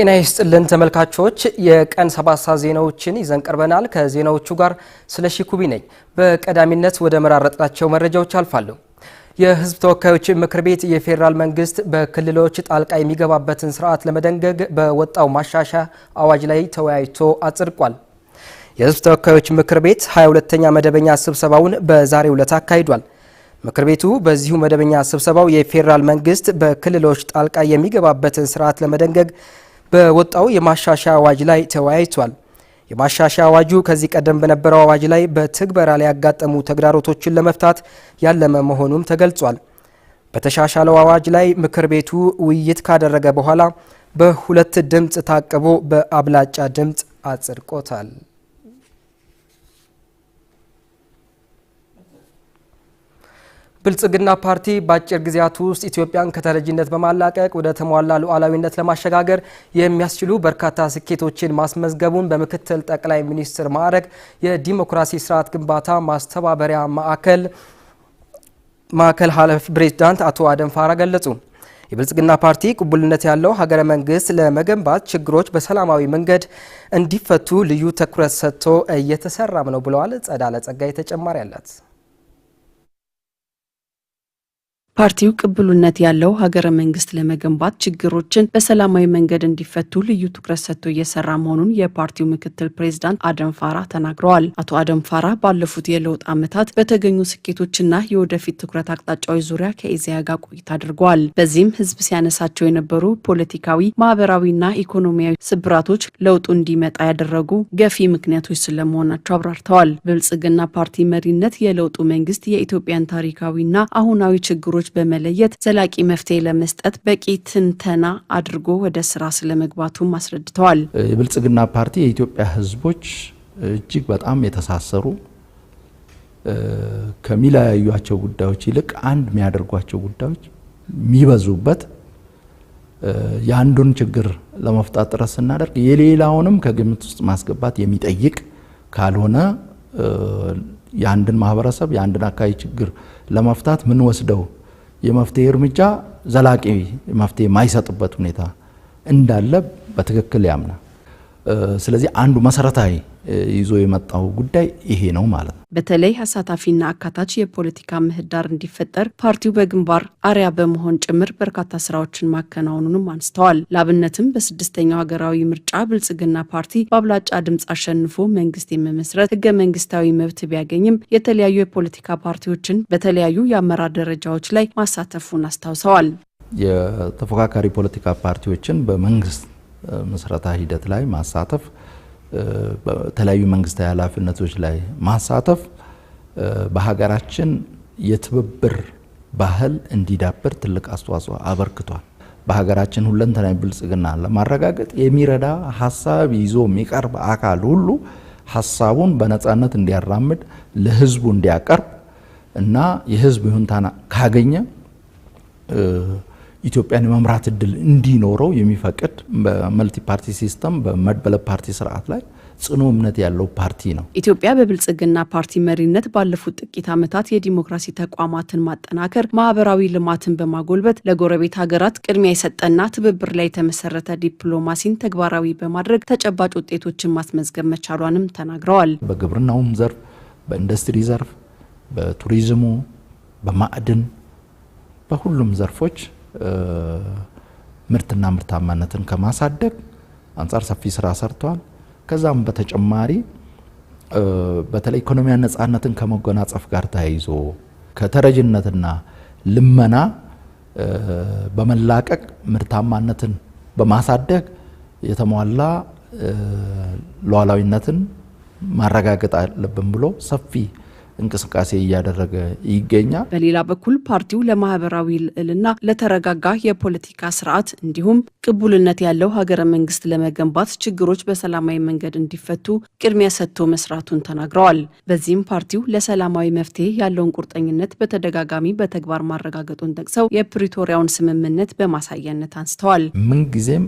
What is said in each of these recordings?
ጤና ይስጥልን ተመልካቾች፣ የቀን ሰባት ሰዓት ዜናዎችን ይዘን ቀርበናል። ከዜናዎቹ ጋር ስለሺ ኩቢ ነኝ። በቀዳሚነት ወደ መራረጥናቸው መረጃዎች አልፋለሁ። የህዝብ ተወካዮች ምክር ቤት የፌዴራል መንግስት በክልሎች ጣልቃ የሚገባበትን ስርዓት ለመደንገግ በወጣው ማሻሻያ አዋጅ ላይ ተወያይቶ አጽድቋል። የህዝብ ተወካዮች ምክር ቤት 22ኛ መደበኛ ስብሰባውን በዛሬው ዕለት አካሂዷል። ምክር ቤቱ በዚሁ መደበኛ ስብሰባው የፌዴራል መንግስት በክልሎች ጣልቃ የሚገባበትን ስርዓት ለመደንገግ በወጣው የማሻሻያ አዋጅ ላይ ተወያይቷል። የማሻሻያ አዋጁ ከዚህ ቀደም በነበረው አዋጅ ላይ በትግበራ ላይ ያጋጠሙ ተግዳሮቶችን ለመፍታት ያለመ መሆኑም ተገልጿል። በተሻሻለው አዋጅ ላይ ምክር ቤቱ ውይይት ካደረገ በኋላ በሁለት ድምፅ ታቅቦ በአብላጫ ድምፅ አጽድቆታል። ብልጽግና ፓርቲ በአጭር ጊዜያት ውስጥ ኢትዮጵያን ከተረጂነት በማላቀቅ ወደ ተሟላ ሉዓላዊነት ለማሸጋገር የሚያስችሉ በርካታ ስኬቶችን ማስመዝገቡን በምክትል ጠቅላይ ሚኒስትር ማዕረግ የዲሞክራሲ ስርዓት ግንባታ ማስተባበሪያ ማዕከል ማዕከል ኃላፊ ፕሬዚዳንት አቶ አደም ፋራ ገለጹ። የብልጽግና ፓርቲ ቅቡልነት ያለው ሀገረ መንግስት ለመገንባት ችግሮች በሰላማዊ መንገድ እንዲፈቱ ልዩ ትኩረት ሰጥቶ እየተሰራም ነው ብለዋል። ጸዳለ ጸጋይ ተጨማሪ አላት። ፓርቲው ቅብሉነት ያለው ሀገረ መንግስት ለመገንባት ችግሮችን በሰላማዊ መንገድ እንዲፈቱ ልዩ ትኩረት ሰጥቶ እየሰራ መሆኑን የፓርቲው ምክትል ፕሬዚዳንት አደም ፋራ ተናግረዋል። አቶ አደም ፋራ ባለፉት የለውጥ ዓመታት በተገኙ ስኬቶችና የወደፊት ትኩረት አቅጣጫዎች ዙሪያ ከኢዜአ ጋር ቆይታ አድርገዋል። በዚህም ህዝብ ሲያነሳቸው የነበሩ ፖለቲካዊ፣ ማህበራዊና ኢኮኖሚያዊ ስብራቶች ለውጡ እንዲመጣ ያደረጉ ገፊ ምክንያቶች ስለመሆናቸው አብራርተዋል። ብልጽግና ፓርቲ መሪነት የለውጡ መንግስት የኢትዮጵያን ታሪካዊና አሁናዊ ችግሮች ችግሮች በመለየት ዘላቂ መፍትሄ ለመስጠት በቂ ትንተና አድርጎ ወደ ስራ ስለመግባቱም አስረድተዋል። የብልጽግና ፓርቲ የኢትዮጵያ ህዝቦች እጅግ በጣም የተሳሰሩ ከሚለያዩቸው ጉዳዮች ይልቅ አንድ የሚያደርጓቸው ጉዳዮች የሚበዙበት የአንዱን ችግር ለመፍታት ጥረት ስናደርግ የሌላውንም ከግምት ውስጥ ማስገባት የሚጠይቅ ካልሆነ የአንድን ማህበረሰብ የአንድን አካባቢ ችግር ለመፍታት ምን ወስደው የመፍትሄ እርምጃ ዘላቂ መፍትሄ የማይሰጥበት ሁኔታ እንዳለ በትክክል ያምናል። ስለዚህ አንዱ መሰረታዊ ይዞ የመጣው ጉዳይ ይሄ ነው ማለት ነው። በተለይ አሳታፊና አካታች የፖለቲካ ምህዳር እንዲፈጠር ፓርቲው በግንባር አሪያ በመሆን ጭምር በርካታ ስራዎችን ማከናወኑንም አንስተዋል። ለአብነትም በስድስተኛው ሀገራዊ ምርጫ ብልጽግና ፓርቲ በአብላጫ ድምፅ አሸንፎ መንግስት የመመስረት ህገ መንግስታዊ መብት ቢያገኝም የተለያዩ የፖለቲካ ፓርቲዎችን በተለያዩ የአመራር ደረጃዎች ላይ ማሳተፉን አስታውሰዋል። የተፎካካሪ ፖለቲካ ፓርቲዎችን በመንግስት ምስረታ ሂደት ላይ ማሳተፍ በተለያዩ መንግስታዊ ኃላፊነቶች ላይ ማሳተፍ በሀገራችን የትብብር ባህል እንዲዳብር ትልቅ አስተዋጽኦ አበርክቷል። በሀገራችን ሁለንተናዊ ብልጽግና ለማረጋገጥ የሚረዳ ሀሳብ ይዞ የሚቀርብ አካል ሁሉ ሀሳቡን በነፃነት እንዲያራምድ ለህዝቡ እንዲያቀርብ እና የህዝብ ይሁንታና ካገኘ ኢትዮጵያን የመምራት እድል እንዲኖረው የሚፈቅድ በመልቲ ፓርቲ ሲስተም በመድበለ ፓርቲ ስርዓት ላይ ጽኑ እምነት ያለው ፓርቲ ነው። ኢትዮጵያ በብልጽግና ፓርቲ መሪነት ባለፉት ጥቂት ዓመታት የዲሞክራሲ ተቋማትን ማጠናከር፣ ማህበራዊ ልማትን በማጎልበት ለጎረቤት ሀገራት ቅድሚያ የሰጠና ትብብር ላይ የተመሰረተ ዲፕሎማሲን ተግባራዊ በማድረግ ተጨባጭ ውጤቶችን ማስመዝገብ መቻሏንም ተናግረዋል። በግብርናውም ዘርፍ፣ በኢንዱስትሪ ዘርፍ፣ በቱሪዝሙ፣ በማዕድን፣ በሁሉም ዘርፎች ምርትና ምርታማነትን ከማሳደግ አንጻር ሰፊ ስራ ሰርቷል። ከዛም በተጨማሪ በተለይ ኢኮኖሚያ ነጻነትን ከመጎናጸፍ ጋር ተያይዞ ከተረጅነትና ልመና በመላቀቅ ምርታማነትን በማሳደግ የተሟላ ሉዓላዊነትን ማረጋገጥ አለብን ብሎ ሰፊ እንቅስቃሴ እያደረገ ይገኛል። በሌላ በኩል ፓርቲው ለማህበራዊ ልዕልና፣ ለተረጋጋ የፖለቲካ ስርዓት እንዲሁም ቅቡልነት ያለው ሀገረ መንግስት ለመገንባት ችግሮች በሰላማዊ መንገድ እንዲፈቱ ቅድሚያ ሰጥቶ መስራቱን ተናግረዋል። በዚህም ፓርቲው ለሰላማዊ መፍትሄ ያለውን ቁርጠኝነት በተደጋጋሚ በተግባር ማረጋገጡን ጠቅሰው የፕሪቶሪያውን ስምምነት በማሳያነት አንስተዋል። ምንጊዜም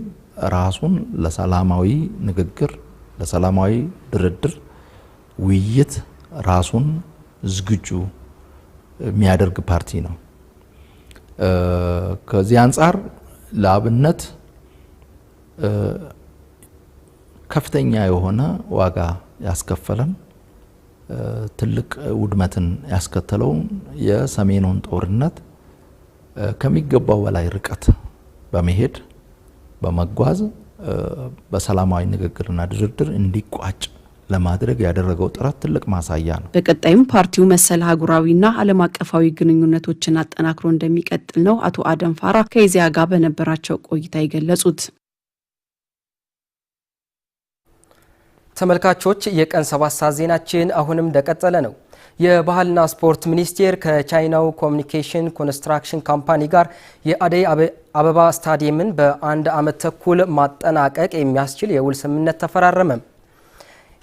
ራሱን ለሰላማዊ ንግግር፣ ለሰላማዊ ድርድር፣ ውይይት ራሱን ዝግጁ የሚያደርግ ፓርቲ ነው። ከዚህ አንጻር ለአብነት ከፍተኛ የሆነ ዋጋ ያስከፈለን ትልቅ ውድመትን ያስከተለውን የሰሜኑን ጦርነት ከሚገባው በላይ ርቀት በመሄድ በመጓዝ በሰላማዊ ንግግርና ድርድር እንዲቋጭ ለማድረግ ያደረገው ጥረት ትልቅ ማሳያ ነው። በቀጣይም ፓርቲው መሰል ሀገራዊና ዓለም አቀፋዊ ግንኙነቶችን አጠናክሮ እንደሚቀጥል ነው አቶ አደም ፋራ ከኢዜአ ጋር በነበራቸው ቆይታ የገለጹት። ተመልካቾች የቀን ሰባት ሰዓት ዜናችን አሁንም እንደቀጠለ ነው። የባህልና ስፖርት ሚኒስቴር ከቻይናው ኮሚኒኬሽን ኮንስትራክሽን ካምፓኒ ጋር የአደይ አበባ ስታዲየምን በአንድ ዓመት ተኩል ማጠናቀቅ የሚያስችል የውል ስምምነት ተፈራረመም።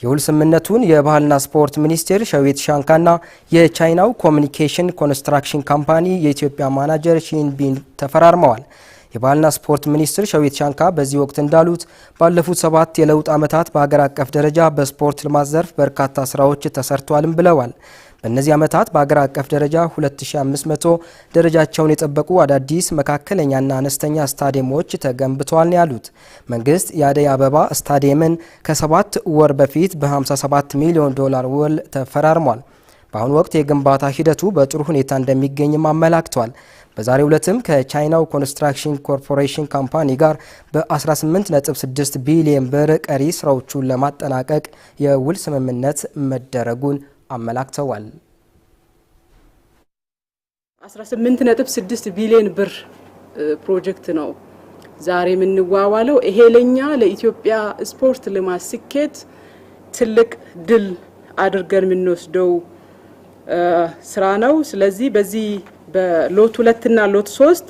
የውል ስምምነቱን የባህልና ስፖርት ሚኒስቴር ሸዊት ሻንካና የቻይናው ኮሚኒኬሽን ኮንስትራክሽን ካምፓኒ የኢትዮጵያ ማናጀር ሺንቢን ተፈራርመዋል። የባህልና ስፖርት ሚኒስትር ሸዊት ሻንካ በዚህ ወቅት እንዳሉት ባለፉት ሰባት የለውጥ ዓመታት በሀገር አቀፍ ደረጃ በስፖርት ልማት ዘርፍ በርካታ ስራዎች ተሰርተዋልም ብለዋል። በእነዚህ ዓመታት በአገር አቀፍ ደረጃ 2500 ደረጃቸውን የጠበቁ አዳዲስ መካከለኛና አነስተኛ ስታዲየሞች ተገንብተዋል ያሉት። መንግስት የአደይ አበባ ስታዲየምን ከሰባት ወር በፊት በ57 ሚሊዮን ዶላር ውል ተፈራርሟል። በአሁኑ ወቅት የግንባታ ሂደቱ በጥሩ ሁኔታ እንደሚገኝም አመላክቷል። በዛሬ ዕለትም ከቻይናው ኮንስትራክሽን ኮርፖሬሽን ካምፓኒ ጋር በ18.6 ቢሊዮን ብር ቀሪ ስራዎቹን ለማጠናቀቅ የውል ስምምነት መደረጉን አመላክተዋል። 18.6 ቢሊዮን ብር ፕሮጀክት ነው ዛሬ የምንዋዋለው። ይሄ ለኛ ለኢትዮጵያ ስፖርት ልማት ስኬት ትልቅ ድል አድርገን የምንወስደው ስራ ነው። ስለዚህ በዚህ በሎት ሁለት ና ሎት ሶስት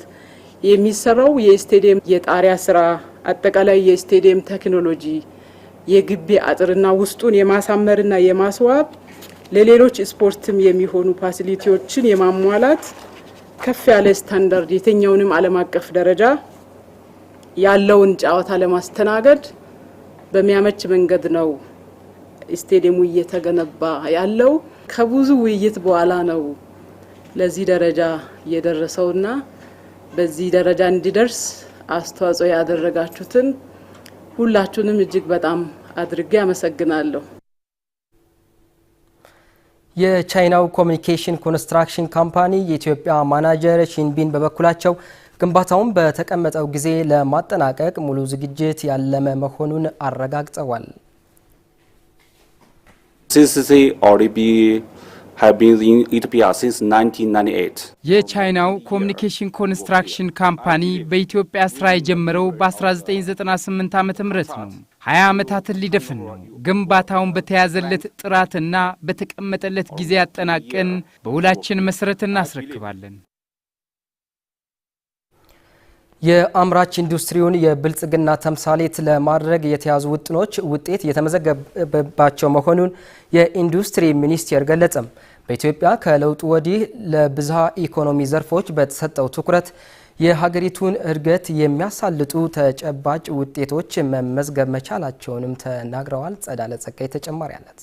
የሚሰራው የስቴዲየም የጣሪያ ስራ፣ አጠቃላይ የስቴዲየም ቴክኖሎጂ፣ የግቢ አጥርና ውስጡን የማሳመርና የማስዋብ ለሌሎች ስፖርትም የሚሆኑ ፋሲሊቲዎችን የማሟላት ከፍ ያለ ስታንዳርድ የትኛውንም ዓለም አቀፍ ደረጃ ያለውን ጨዋታ ለማስተናገድ በሚያመች መንገድ ነው ስቴዲየሙ እየተገነባ ያለው። ከብዙ ውይይት በኋላ ነው ለዚህ ደረጃ የደረሰውና በዚህ ደረጃ እንዲደርስ አስተዋጽኦ ያደረጋችሁትን ሁላችሁንም እጅግ በጣም አድርጌ አመሰግናለሁ። የቻይናው ኮሚኒኬሽን ኮንስትራክሽን ካምፓኒ የኢትዮጵያ ማናጀር ሺንቢን በበኩላቸው ግንባታውን በተቀመጠው ጊዜ ለማጠናቀቅ ሙሉ ዝግጅት ያለመ መሆኑን አረጋግጠዋል። የቻይናው ኮሚኒኬሽን ኮንስትራክሽን ካምፓኒ በኢትዮጵያ ስራ የጀመረው በ1998 ዓ ም ነው ሀያ ዓመታትን ሊደፍን ነው። ግንባታውን በተያዘለት ጥራትና በተቀመጠለት ጊዜ ያጠናቅን በውላችን መሰረት እናስረክባለን። የአምራች ኢንዱስትሪውን የብልጽግና ተምሳሌት ለማድረግ የተያዙ ውጥኖች ውጤት የተመዘገበባቸው መሆኑን የኢንዱስትሪ ሚኒስቴር ገለጸም። በኢትዮጵያ ከለውጡ ወዲህ ለብዝሃ ኢኮኖሚ ዘርፎች በተሰጠው ትኩረት የሀገሪቱን እድገት የሚያሳልጡ ተጨባጭ ውጤቶች መመዝገብ መቻላቸውንም ተናግረዋል። ጸዳለ ጸጋይ ተጨማሪ አላት።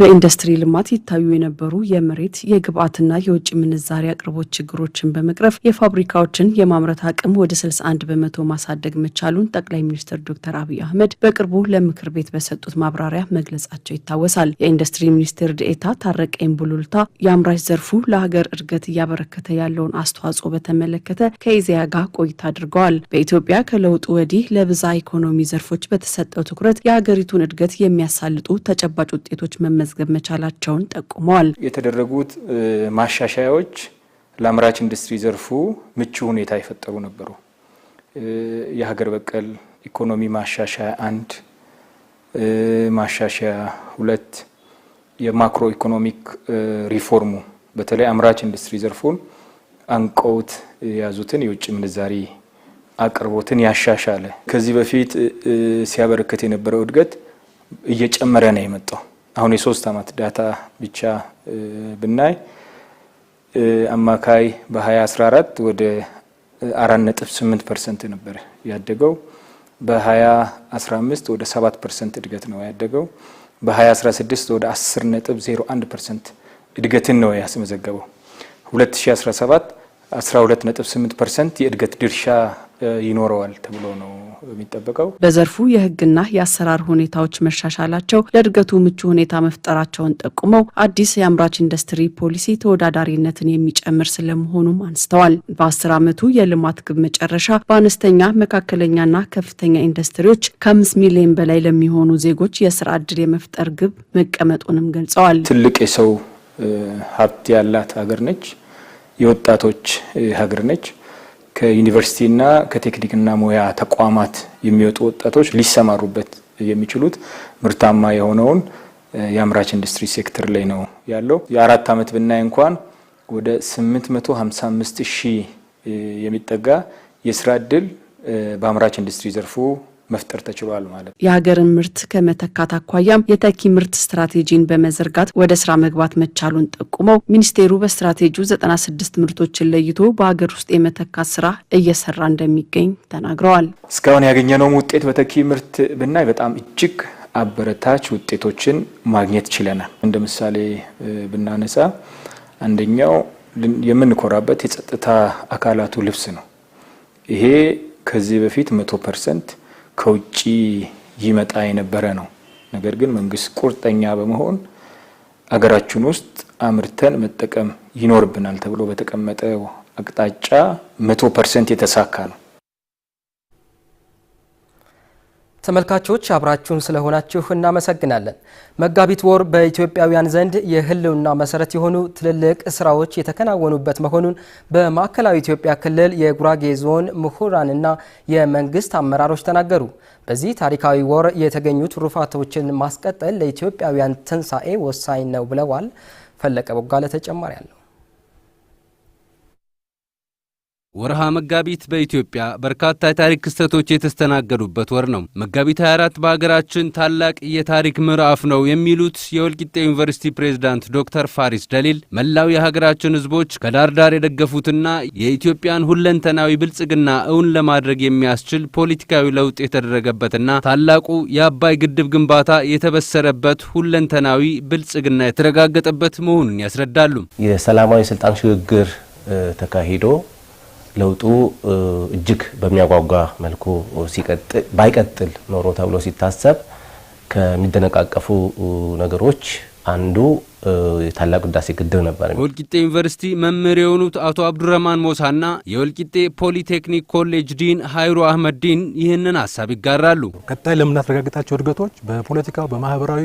በኢንዱስትሪ ልማት ይታዩ የነበሩ የመሬት የግብአትና የውጭ ምንዛሪ አቅርቦት ችግሮችን በመቅረፍ የፋብሪካዎችን የማምረት አቅም ወደ 61 በመቶ ማሳደግ መቻሉን ጠቅላይ ሚኒስትር ዶክተር አብይ አህመድ በቅርቡ ለምክር ቤት በሰጡት ማብራሪያ መግለጻቸው ይታወሳል። የኢንዱስትሪ ሚኒስትር ድኤታ ታረቀኝ ቡሉልታ የአምራች ዘርፉ ለሀገር እድገት እያበረከተ ያለውን አስተዋጽኦ በተመለከተ ከኢዜአ ጋር ቆይታ አድርገዋል። በኢትዮጵያ ከለውጡ ወዲህ ለብዛ ኢኮኖሚ ዘርፎች በተሰጠው ትኩረት የሀገሪቱን እድገት የሚያሳልጡ ተጨባጭ ውጤቶች መ መመዝገብ መቻላቸውን ጠቁመዋል። የተደረጉት ማሻሻያዎች ለአምራች ኢንዱስትሪ ዘርፉ ምቹ ሁኔታ የፈጠሩ ነበሩ። የሀገር በቀል ኢኮኖሚ ማሻሻያ አንድ፣ ማሻሻያ ሁለት፣ የማክሮ ኢኮኖሚክ ሪፎርሙ በተለይ አምራች ኢንዱስትሪ ዘርፉን አንቀውት የያዙትን የውጭ ምንዛሪ አቅርቦትን ያሻሻለ ከዚህ በፊት ሲያበረከት የነበረው እድገት እየጨመረ ነው የመጣው። አሁን የሶስት ዓመት ዳታ ብቻ ብናይ አማካይ በ2014 ወደ 4.8 ፐርሰንት ነበር ያደገው። በ2015 ወደ 7 ፐርሰንት እድገት ነው ያደገው። በ2016 ወደ 10.01 ፐርሰንት እድገትን ነው ያስመዘገበው። 2017 12.8 ፐርሰንት የእድገት ድርሻ ይኖረዋል ተብሎ ነው የሚጠበቀው። በዘርፉ የህግና የአሰራር ሁኔታዎች መሻሻላቸው ለእድገቱ ምቹ ሁኔታ መፍጠራቸውን ጠቁመው አዲስ የአምራች ኢንዱስትሪ ፖሊሲ ተወዳዳሪነትን የሚጨምር ስለመሆኑም አንስተዋል። በአስር ዓመቱ የልማት ግብ መጨረሻ በአነስተኛ መካከለኛና ከፍተኛ ኢንዱስትሪዎች ከአምስት ሚሊዮን በላይ ለሚሆኑ ዜጎች የስራ እድል የመፍጠር ግብ መቀመጡንም ገልጸዋል። ትልቅ የሰው ሀብት ያላት ሀገር ነች። የወጣቶች ሀገር ነች። ከዩኒቨርሲቲና ከቴክኒክና ሙያ ተቋማት የሚወጡ ወጣቶች ሊሰማሩበት የሚችሉት ምርታማ የሆነውን የአምራች ኢንዱስትሪ ሴክተር ላይ ነው ያለው። የአራት ዓመት ብናይ እንኳን ወደ 855 ሺህ የሚጠጋ የስራ እድል በአምራች ኢንዱስትሪ ዘርፉ መፍጠር ተችሏል ማለት ነው። የሀገርን ምርት ከመተካት አኳያም የተኪ ምርት ስትራቴጂን በመዘርጋት ወደ ስራ መግባት መቻሉን ጠቁመው ሚኒስቴሩ በስትራቴጂው 96 ምርቶችን ለይቶ በሀገር ውስጥ የመተካት ስራ እየሰራ እንደሚገኝ ተናግረዋል። እስካሁን ያገኘነውም ውጤት በተኪ ምርት ብናይ በጣም እጅግ አበረታች ውጤቶችን ማግኘት ችለናል። እንደ ምሳሌ ብናነሳ አንደኛው የምንኮራበት የጸጥታ አካላቱ ልብስ ነው። ይሄ ከዚህ በፊት መቶ ፐርሰንት ከውጭ ይመጣ የነበረ ነው። ነገር ግን መንግስት ቁርጠኛ በመሆን አገራችን ውስጥ አምርተን መጠቀም ይኖርብናል ተብሎ በተቀመጠው አቅጣጫ መቶ ፐርሰንት የተሳካ ነው። ተመልካቾች አብራችሁን ስለሆናችሁ እናመሰግናለን። መጋቢት ወር በኢትዮጵያውያን ዘንድ የህልውና መሰረት የሆኑ ትልልቅ ስራዎች የተከናወኑበት መሆኑን በማዕከላዊ ኢትዮጵያ ክልል የጉራጌ ዞን ምሁራንና የመንግስት አመራሮች ተናገሩ። በዚህ ታሪካዊ ወር የተገኙ ትሩፋቶችን ማስቀጠል ለኢትዮጵያውያን ትንሣኤ ወሳኝ ነው ብለዋል። ፈለቀ ቦጋለ ተጨማሪ አለው። ወርሃ መጋቢት በኢትዮጵያ በርካታ የታሪክ ክስተቶች የተስተናገዱበት ወር ነው። መጋቢት 24 በሀገራችን ታላቅ የታሪክ ምዕራፍ ነው የሚሉት የወልቂጤ ዩኒቨርሲቲ ፕሬዝዳንት ዶክተር ፋሪስ ደሊል መላው የሀገራችን ሕዝቦች ከዳርዳር የደገፉትና የኢትዮጵያን ሁለንተናዊ ብልጽግና እውን ለማድረግ የሚያስችል ፖለቲካዊ ለውጥ የተደረገበትና ታላቁ የአባይ ግድብ ግንባታ የተበሰረበት ሁለንተናዊ ብልጽግና የተረጋገጠበት መሆኑን ያስረዳሉ። የሰላማዊ ስልጣን ሽግግር ተካሂዶ ለውጡ እጅግ በሚያጓጓ መልኩ ባይቀጥል ኖሮ ተብሎ ሲታሰብ ከሚደነቃቀፉ ነገሮች አንዱ ታላቁ ህዳሴ ግድብ ነበር። የወልቂጤ ዩኒቨርሲቲ መምህር የሆኑት አቶ ሞሳ ሞሳና የወልቂጤ ፖሊቴክኒክ ኮሌጅ ዲን ሀይሩ አህመድ ዲን ይህንን ሀሳብ ይጋራሉ። ቀጣይ ለምናረጋግጣቸው እድገቶች በፖለቲካው፣ በማህበራዊ፣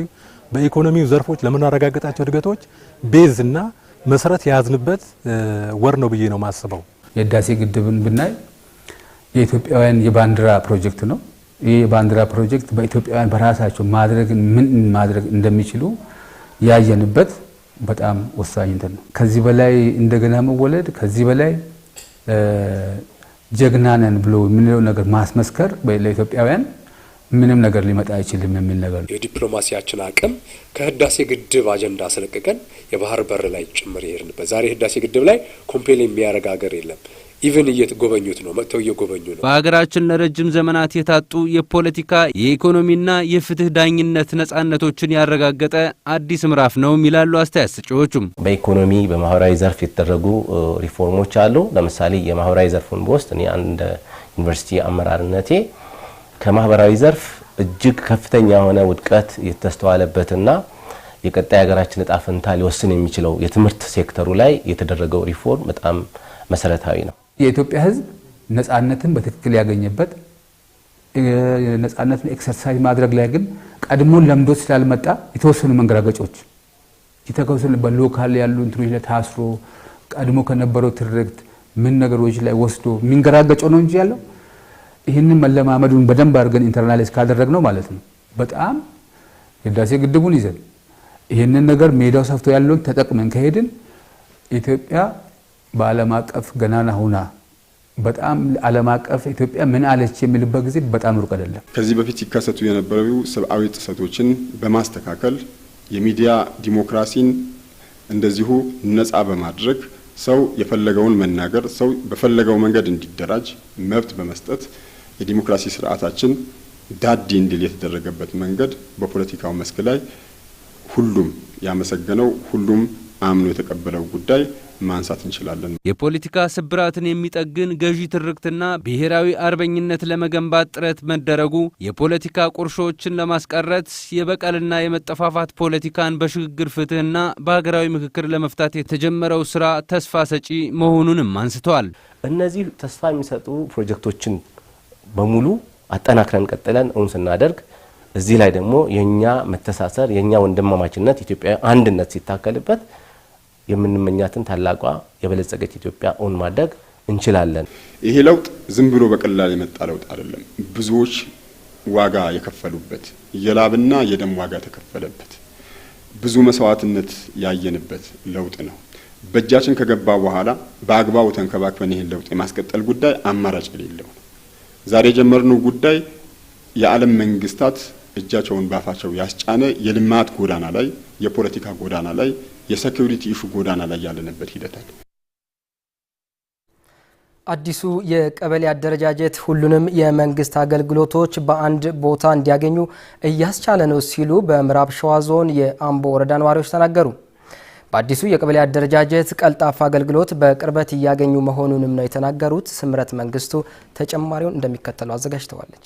በኢኮኖሚው ዘርፎች ለምናረጋግጣቸው እድገቶች ቤዝ እና መሰረት የያዝንበት ወር ነው ብዬ ነው ማስበው። የህዳሴ ግድብን ብናይ የኢትዮጵያውያን የባንዲራ ፕሮጀክት ነው። ይህ የባንዲራ ፕሮጀክት በኢትዮጵያውያን በራሳቸው ማድረግ ምን ማድረግ እንደሚችሉ ያየንበት በጣም ወሳኝ እንትን ነው። ከዚህ በላይ እንደገና መወለድ፣ ከዚህ በላይ ጀግና ነን ብሎ የምንለው ነገር ማስመስከር ለኢትዮጵያውያን ምንም ነገር ሊመጣ አይችልም የሚል ነገር ነው። የዲፕሎማሲያችን አቅም ከህዳሴ ግድብ አጀንዳ አስለቅቀን የባህር በር ላይ ጭምር ይሄድንበት። ዛሬ ህዳሴ ግድብ ላይ ኮምፔል የሚያደርግ ሀገር የለም። ኢቨን እየጎበኙት ነው፣ መጥተው እየጎበኙ ነው። በሀገራችን ለረጅም ዘመናት የታጡ የፖለቲካ የኢኮኖሚና የፍትህ ዳኝነት ነጻነቶችን ያረጋገጠ አዲስ ምዕራፍ ነው ይላሉ አስተያየት ሰጪዎቹም። በኢኮኖሚ በማህበራዊ ዘርፍ የተደረጉ ሪፎርሞች አሉ። ለምሳሌ የማህበራዊ ዘርፉን በውስጥ እኔ አንድ ዩኒቨርሲቲ አመራርነቴ ከማህበራዊ ዘርፍ እጅግ ከፍተኛ የሆነ ውድቀት የተስተዋለበትና የቀጣይ ሀገራችን እጣ ፈንታ ሊወስን የሚችለው የትምህርት ሴክተሩ ላይ የተደረገው ሪፎርም በጣም መሰረታዊ ነው። የኢትዮጵያ ሕዝብ ነጻነትን በትክክል ያገኘበት ነጻነትን ኤክሰርሳይዝ ማድረግ ላይ ግን ቀድሞ ለምዶ ስላልመጣ የተወሰኑ መንገራገጮች የተወሰኑ በሎካል ያሉ እንትኖች ላይ ታስሮ ቀድሞ ከነበረው ትርክት ምን ነገሮች ላይ ወስዶ የሚንገራገጮ ነው እንጂ ያለው ይህንን መለማመዱን በደንብ አድርገን ኢንተርናላይዝ ካደረግ ነው ማለት ነው። በጣም የህዳሴ ግድቡን ይዘን ይህንን ነገር ሜዳው ሰፍቶ ያለውን ተጠቅመን ከሄድን ኢትዮጵያ በዓለም አቀፍ ገናና ሁና በጣም ዓለም አቀፍ ኢትዮጵያ ምን አለች የሚልበት ጊዜ በጣም ሩቅ አይደለም። ከዚህ በፊት ሲከሰቱ የነበሩ ሰብአዊ ጥሰቶችን በማስተካከል የሚዲያ ዲሞክራሲን እንደዚሁ ነፃ በማድረግ ሰው የፈለገውን መናገር፣ ሰው በፈለገው መንገድ እንዲደራጅ መብት በመስጠት የዲሞክራሲ ስርዓታችን ዳዲ እንዲል የተደረገበት መንገድ በፖለቲካው መስክ ላይ ሁሉም ያመሰገነው ሁሉም አምኖ የተቀበለው ጉዳይ ማንሳት እንችላለን። የፖለቲካ ስብራትን የሚጠግን ገዢ ትርክትና ብሔራዊ አርበኝነት ለመገንባት ጥረት መደረጉ የፖለቲካ ቁርሾችን ለማስቀረት የበቀልና የመጠፋፋት ፖለቲካን በሽግግር ፍትህና በሀገራዊ ምክክር ለመፍታት የተጀመረው ስራ ተስፋ ሰጪ መሆኑንም አንስተዋል። እነዚህ ተስፋ የሚሰጡ ፕሮጀክቶችን በሙሉ አጠናክረን ቀጥለን እውን ስናደርግ እዚህ ላይ ደግሞ የእኛ መተሳሰር የእኛ ወንድማማችነት ኢትዮጵያ አንድነት ሲታከልበት የምንመኛትን ታላቋ የበለጸገች ኢትዮጵያ እውን ማድረግ እንችላለን። ይሄ ለውጥ ዝም ብሎ በቀላል የመጣ ለውጥ አይደለም። ብዙዎች ዋጋ የከፈሉበት የላብና የደም ዋጋ የተከፈለበት ብዙ መስዋዕትነት ያየንበት ለውጥ ነው። በእጃችን ከገባ በኋላ በአግባቡ ተንከባክበን ይህን ለውጥ የማስቀጠል ጉዳይ አማራጭ የሌለው ነው። ዛሬ የጀመርነው ጉዳይ የዓለም መንግስታት እጃቸውን ባፋቸው ያስጫነ የልማት ጎዳና ላይ፣ የፖለቲካ ጎዳና ላይ፣ የሴኩሪቲ ኢሹ ጎዳና ላይ ያለንበት ሂደት አለ። አዲሱ የቀበሌ አደረጃጀት ሁሉንም የመንግስት አገልግሎቶች በአንድ ቦታ እንዲያገኙ እያስቻለ ነው ሲሉ በምዕራብ ሸዋ ዞን የአምቦ ወረዳ ነዋሪዎች ተናገሩ። በአዲሱ የቀበሌ አደረጃጀት ቀልጣፋ አገልግሎት በቅርበት እያገኙ መሆኑንም ነው የተናገሩት። ስምረት መንግስቱ ተጨማሪውን እንደሚከተለው አዘጋጅተዋለች።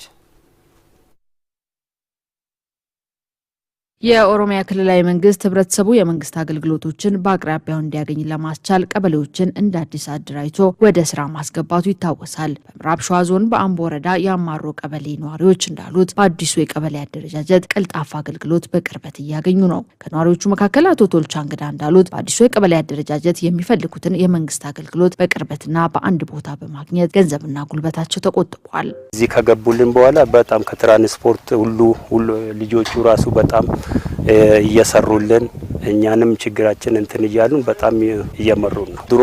የኦሮሚያ ክልላዊ መንግስት ህብረተሰቡ የመንግስት አገልግሎቶችን በአቅራቢያው እንዲያገኝ ለማስቻል ቀበሌዎችን እንደ አዲስ አደራጅቶ ወደ ስራ ማስገባቱ ይታወሳል። በምዕራብ ሸዋ ዞን በአምቦ ወረዳ የአማሮ ቀበሌ ነዋሪዎች እንዳሉት በአዲሱ የቀበሌ አደረጃጀት ቀልጣፋ አገልግሎት በቅርበት እያገኙ ነው። ከነዋሪዎቹ መካከል አቶ ቶልቻ እንግዳ እንዳሉት በአዲሱ የቀበሌ አደረጃጀት የሚፈልጉትን የመንግስት አገልግሎት በቅርበትና በአንድ ቦታ በማግኘት ገንዘብና ጉልበታቸው ተቆጥቧል። እዚህ ከገቡልን በኋላ በጣም ከትራንስፖርት ሁሉ ልጆቹ ራሱ በጣም እየሰሩልን እኛንም ችግራችን እንትን እያሉን በጣም እየመሩ ነው። ድሮ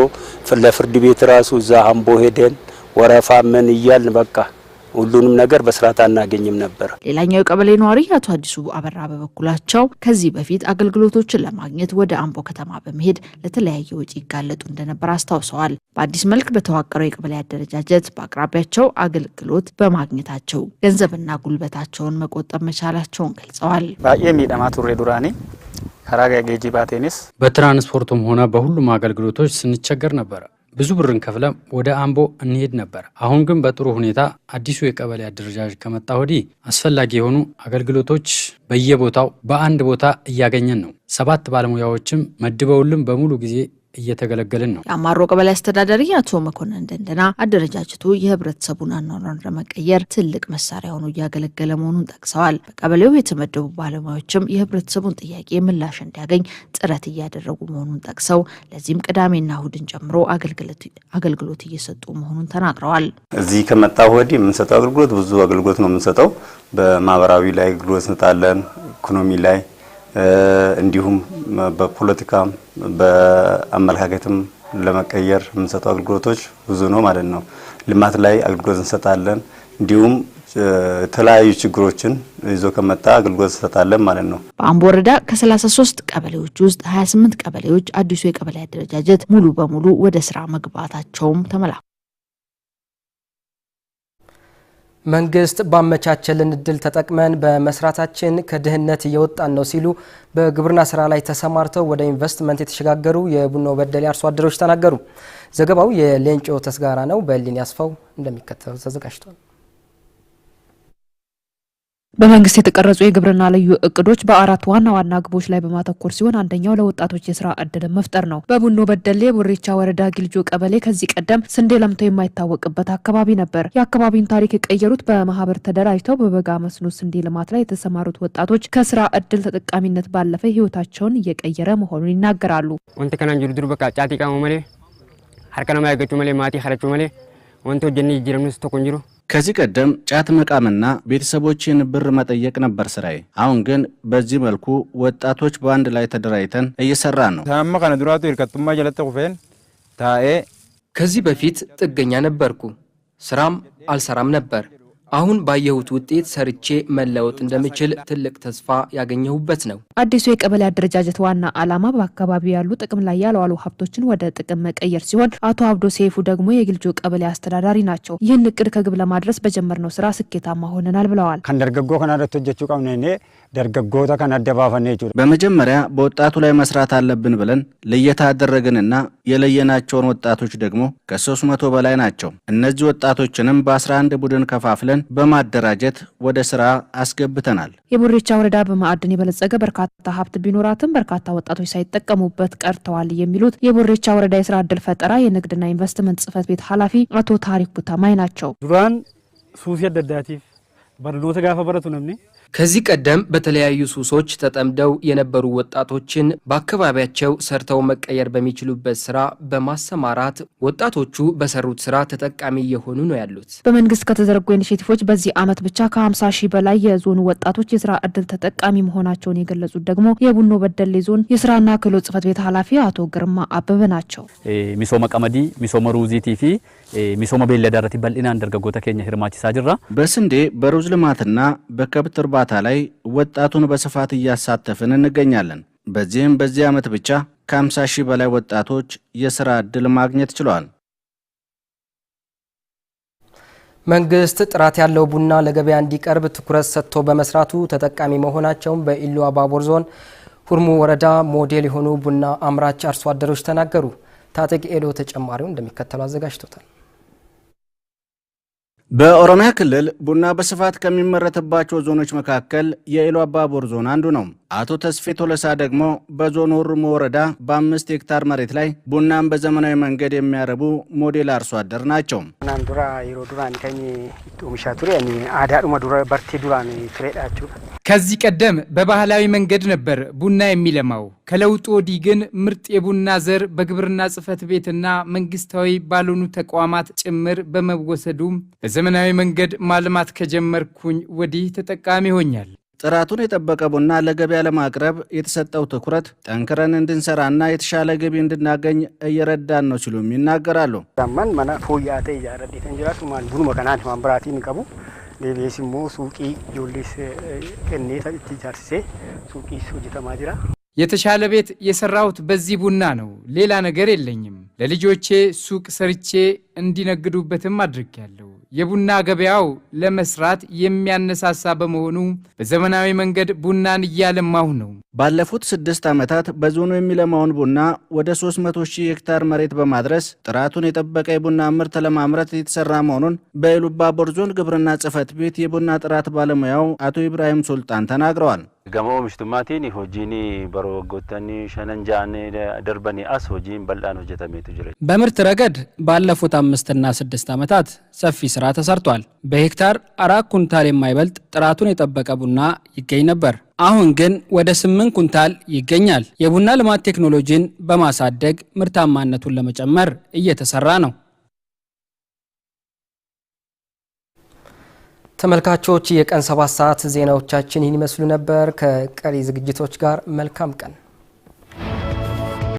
ለፍርድ ቤት ራሱ እዛ አምቦ ሄደን ወረፋ ምን እያልን በቃ ሁሉንም ነገር በስርዓት አናገኝም ነበር። ሌላኛው የቀበሌ ነዋሪ አቶ አዲሱ አበራ በበኩላቸው ከዚህ በፊት አገልግሎቶችን ለማግኘት ወደ አምቦ ከተማ በመሄድ ለተለያየ ወጪ ይጋለጡ እንደነበር አስታውሰዋል። በአዲስ መልክ በተዋቀረው የቀበሌ አደረጃጀት በአቅራቢያቸው አገልግሎት በማግኘታቸው ገንዘብና ጉልበታቸውን መቆጠብ መቻላቸውን ገልጸዋል። ከራጋ ጌጂ በትራንስፖርቱም ሆነ በሁሉም አገልግሎቶች ስንቸገር ነበረ። ብዙ ብርን ከፍለ ወደ አምቦ እንሄድ ነበር። አሁን ግን በጥሩ ሁኔታ አዲሱ የቀበሌ አደረጃጀት ከመጣ ወዲህ አስፈላጊ የሆኑ አገልግሎቶች በየቦታው በአንድ ቦታ እያገኘን ነው። ሰባት ባለሙያዎችም መድበውልን በሙሉ ጊዜ እየተገለገልን ነው። የአማሮ ቀበሌ አስተዳዳሪ አቶ መኮንን ደንደና አደረጃጀቱ የህብረተሰቡን አኗኗር ለመቀየር ትልቅ መሳሪያ ሆኖ እያገለገለ መሆኑን ጠቅሰዋል። በቀበሌው የተመደቡ ባለሙያዎችም የህብረተሰቡን ጥያቄ ምላሽ እንዲያገኝ ጥረት እያደረጉ መሆኑን ጠቅሰው ለዚህም ቅዳሜና እሁድን ጨምሮ አገልግሎት እየሰጡ መሆኑን ተናግረዋል። እዚህ ከመጣ ወዲህ የምንሰጠው አገልግሎት ብዙ አገልግሎት ነው የምንሰጠው። በማህበራዊ ላይ አገልግሎት እንሰጣለን። ኢኮኖሚ ላይ እንዲሁም በፖለቲካም በአመለካከትም ለመቀየር የምንሰጠው አገልግሎቶች ብዙ ነው ማለት ነው። ልማት ላይ አገልግሎት እንሰጣለን። እንዲሁም የተለያዩ ችግሮችን ይዞ ከመጣ አገልግሎት እንሰጣለን ማለት ነው። በአምቦ ወረዳ ከ33 ቀበሌዎች ውስጥ 28 ቀበሌዎች አዲሱ የቀበሌ አደረጃጀት ሙሉ በሙሉ ወደ ስራ መግባታቸውም ተመላክቷል። መንግስት ባመቻቸልን እድል ተጠቅመን በመስራታችን ከድህነት እየወጣን ነው ሲሉ በግብርና ስራ ላይ ተሰማርተው ወደ ኢንቨስትመንት የተሸጋገሩ የቡኖ በደሌ አርሶ አደሮች ተናገሩ። ዘገባው የሌንጮ ተስጋራ ነው። በሊን ያስፋው እንደሚከተለው ተዘጋጅቷል። በመንግስት የተቀረጹ የግብርና ልዩ እቅዶች በአራት ዋና ዋና ግቦች ላይ በማተኮር ሲሆን አንደኛው ለወጣቶች የስራ እድል መፍጠር ነው። በቡኖ በደሌ ቦሬቻ ወረዳ ጊልጆ ቀበሌ ከዚህ ቀደም ስንዴ ለምቶ የማይታወቅበት አካባቢ ነበር። የአካባቢውን ታሪክ የቀየሩት በማህበር ተደራጅተው በበጋ መስኖ ስንዴ ልማት ላይ የተሰማሩት ወጣቶች ከስራ እድል ተጠቃሚነት ባለፈ ህይወታቸውን እየቀየረ መሆኑን ይናገራሉ። ወንተ በቃ መሌ ሀርከ ያገጩ መሌ ማቲ ሀረቹ መሌ ወንተ ጀኒ ጅረምንስ ተኮንጅሩ ከዚህ ቀደም ጫት መቃምና ቤተሰቦችን ብር መጠየቅ ነበር ስራዬ። አሁን ግን በዚህ መልኩ ወጣቶች በአንድ ላይ ተደራጅተን እየሰራ ነው። ከዚህ በፊት ጥገኛ ነበርኩ፣ ስራም አልሰራም ነበር አሁን ባየሁት ውጤት ሰርቼ መለወጥ እንደምችል ትልቅ ተስፋ ያገኘሁበት ነው። አዲሱ የቀበሌ አደረጃጀት ዋና ዓላማ በአካባቢው ያሉ ጥቅም ላይ ያልዋሉ ሀብቶችን ወደ ጥቅም መቀየር ሲሆን አቶ አብዶ ሰይፉ ደግሞ የግልጆ ቀበሌ አስተዳዳሪ ናቸው። ይህን እቅድ ከግብ ለማድረስ በጀመርነው ስራ ስኬታማ ሆነናል ብለዋል። ከንደርገጎ ከናረት ጀቹ ደርገጎተ ከናደባፈነ ይችሉ በመጀመሪያ በወጣቱ ላይ መስራት አለብን ብለን ልየታ ያደረግንና የለየናቸውን ወጣቶች ደግሞ ከ300 በላይ ናቸው። እነዚህ ወጣቶችንም በ11 ቡድን ከፋፍለን በማደራጀት ወደ ስራ አስገብተናል። የሙሬቻ ወረዳ በማዕድን የበለጸገ በርካታ ሀብት ቢኖራትም በርካታ ወጣቶች ሳይጠቀሙበት ቀርተዋል የሚሉት የሙሬቻ ወረዳ የስራ እድል ፈጠራ የንግድና ኢንቨስትመንት ጽህፈት ቤት ኃላፊ አቶ ታሪክ ቡታማይ ናቸው። ዱራን ሱፊ ደዳቲፍ በርዶተ ጋፈ በረቱ ነምኒ ከዚህ ቀደም በተለያዩ ሱሶች ተጠምደው የነበሩ ወጣቶችን በአካባቢያቸው ሰርተው መቀየር በሚችሉበት ስራ በማሰማራት ወጣቶቹ በሰሩት ስራ ተጠቃሚ እየሆኑ ነው ያሉት። በመንግስት ከተዘረጉ ኢኒሼቲቮች በዚህ ዓመት ብቻ ከ50 ሺህ በላይ የዞኑ ወጣቶች የስራ እድል ተጠቃሚ መሆናቸውን የገለጹት ደግሞ የቡኖ በደሌ ዞን የስራና ክህሎት ጽህፈት ቤት ኃላፊ አቶ ግርማ አበበ ናቸው። ሚሶ መቀመዲ ሚሶ መሩዚ ፊ ሚሶማ ቤል ዳረት ባልኢናን ደርገጎተ ኬኛ ሂርማቺሳ ጅራ በስንዴ በሩዝ ልማትና በከብት እርባታ ላይ ወጣቱን በስፋት እያሳተፍን እንገኛለን። በዚህም በዚህ ዓመት ብቻ ከ50 ሺህ በላይ ወጣቶች የሥራ ዕድል ማግኘት ችለዋል። መንግስት ጥራት ያለው ቡና ለገበያ እንዲቀርብ ትኩረት ሰጥቶ በመስራቱ ተጠቃሚ መሆናቸውን በኢሉ አባቦር ዞን ሁርሙ ወረዳ ሞዴል የሆኑ ቡና አምራች አርሶ አደሮች ተናገሩ። ታጠቂ ኤሎ ተጨማሪው እንደሚከተሉ አዘጋጅቶታል። በኦሮሚያ ክልል ቡና በስፋት ከሚመረትባቸው ዞኖች መካከል የኢሉ አባቦር ዞን አንዱ ነው። አቶ ተስፌ ቶለሳ ደግሞ በዞኑ ሩሞ ወረዳ በአምስት ሄክታር መሬት ላይ ቡናን በዘመናዊ መንገድ የሚያረቡ ሞዴል አርሶ አደር ናቸው። የሮ ዱራን ከኝ ኦሚሻ ቱሬ ዱራ በርቴ ዱራን ከዚህ ቀደም በባህላዊ መንገድ ነበር ቡና የሚለማው ከለውጡ ወዲህ ግን ምርጥ የቡና ዘር በግብርና ጽህፈት ቤትና መንግስታዊ ባልሆኑ ተቋማት ጭምር በመወሰዱም በዘመናዊ መንገድ ማልማት ከጀመርኩኝ ወዲህ ተጠቃሚ ሆኛል። ጥራቱን የጠበቀ ቡና ለገበያ ለማቅረብ የተሰጠው ትኩረት ጠንክረን እንድንሰራና የተሻለ ገቢ እንድናገኝ እየረዳን ነው ሲሉም ይናገራሉ። ሱቂ የተሻለ ቤት የሰራሁት በዚህ ቡና ነው። ሌላ ነገር የለኝም። ለልጆቼ ሱቅ ሰርቼ እንዲነግዱበትም አድርጌያለሁ። የቡና ገበያው ለመስራት የሚያነሳሳ በመሆኑ በዘመናዊ መንገድ ቡናን እያለማሁ ነው። ባለፉት ስድስት ዓመታት በዞኑ የሚለማውን ቡና ወደ 300 ሺህ ሄክታር መሬት በማድረስ ጥራቱን የጠበቀ የቡና ምርት ለማምረት የተሰራ መሆኑን በኢሉባቦር ዞን ግብርና ጽሕፈት ቤት የቡና ጥራት ባለሙያው አቶ ኢብራሂም ሱልጣን ተናግረዋል። Gama oomishtummaatiin hojiin baro waggoottan shanan ja'an darbanii as hojiin bal'aan hojjetametu jira። በምርት ረገድ ባለፉት አምስትና ስድስት ዓመታት ሰፊ ስራ ተሰርቷል። በሄክታር አራት ኩንታል የማይበልጥ ጥራቱን የጠበቀ ቡና ይገኝ ነበር። አሁን ግን ወደ ስምንት ኩንታል ይገኛል። የቡና ልማት ቴክኖሎጂን በማሳደግ ምርታማነቱን ለመጨመር እየተሰራ ነው። ተመልካቾች የቀን ሰባት ሰዓት ዜናዎቻችን ይህን ይመስሉ ነበር። ከቀሪ ዝግጅቶች ጋር መልካም ቀን